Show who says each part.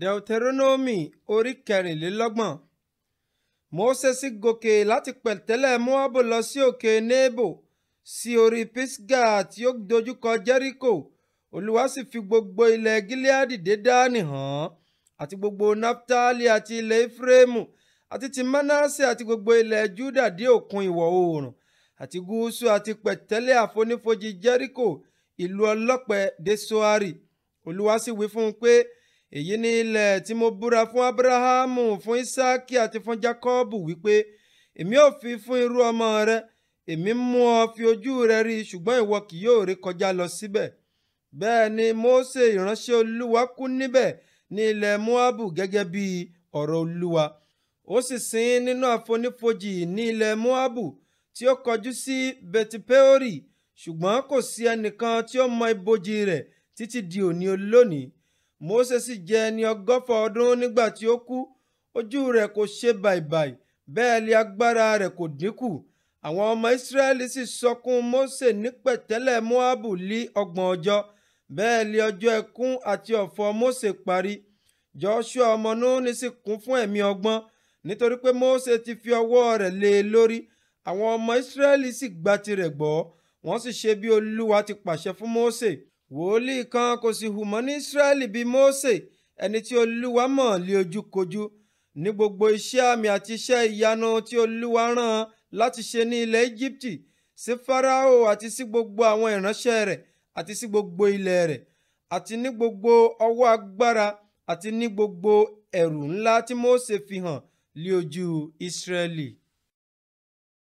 Speaker 1: deuteronomy orí kẹrìnlélọ́gbọ̀n mósè sì gòkè láti pẹ̀tẹ́lẹ̀ móábù lọ sí òkè nebo sí orí pisga tí ó dojúkọ jẹ́ríkò olúwa sì fi gbogbo ilẹ̀ gileadi dé dáàni hàn àti gbogbo naftali àti ilẹ̀ efraimu àti ti manase àti gbogbo ilẹ̀ juda dé òkun ìwọ̀ oòrùn àti gúúsù àti pẹ̀tẹ́lẹ̀ àfonífojì jẹ́ríkò ìlú ọlọ́pẹ dé olúwa sì wí fún un pé èyí ni ilẹ̀ tí mo búra fún abrahamu fún isaki àti fún jacobu wípé èmi ò fi fún irú ọmọ rẹ èmi mú ọ fi ojú rẹ rí ṣùgbọ́n ìwọ kì yóò rí kọjá lọ síbẹ̀ bẹ́ẹ̀ ni mose ìránṣẹ́ olúwa kú níbẹ̀ ní ilẹ̀ moabu gẹ́gẹ́ bí ọ̀rọ̀ olúwa ó sì sin nínú àfonífojì ní ilẹ̀ moabu tí ó kọjú sí betipeori ṣùgbọ́n kò sí ẹnìkan tí ó mọ ibojì rẹ̀ títí di òní olónìí Mósè sì jẹ́ ẹni ọgọ́fà ọdún nígbà tí ó kú ojú rẹ̀ kò ṣe bàìbàì bẹ́ẹ̀ lé agbára rẹ̀ kò dínkù àwọn ọmọ Ísírẹ́lì sì sọkún Mósè ní pẹ̀tẹ́lẹ̀ Móábù lé ọgbọ̀n ọjọ́ bẹ́ẹ̀ lé ọjọ́ ẹkún àti ọ̀fọ̀ Mósè parí Joshua ọmọ Núnì sì kún fún ẹ̀mí ọgbọ́n nítorí pé Mósè ti fi ọwọ́ rẹ̀ lé e lórí àwọn ọmọ Ísírẹ́lì sì gba tirẹ̀ gbọ́ wọ́n sì ṣe bí Olúwa ti pàṣẹ fún Mósè wòlíì kan kò sì hù mọ́ ní Ísírẹ́lì bíi Mósè ẹni tí Olúwa mọ̀ lé ojúkojú ní gbogbo iṣẹ́ àmì àti iṣẹ́ ìyanu tí Olúwa rán láti ṣe ní ilẹ̀ Íjíbítì sí Fáráò àti sí gbogbo àwọn ìránṣẹ́ rẹ̀ àti sí gbogbo ilẹ̀ rẹ̀ àti ní gbogbo ọwọ́ agbára àti ní gbogbo ẹ̀rù ńlá tí Mósè fi hàn lé ojú Ísírẹ́lì.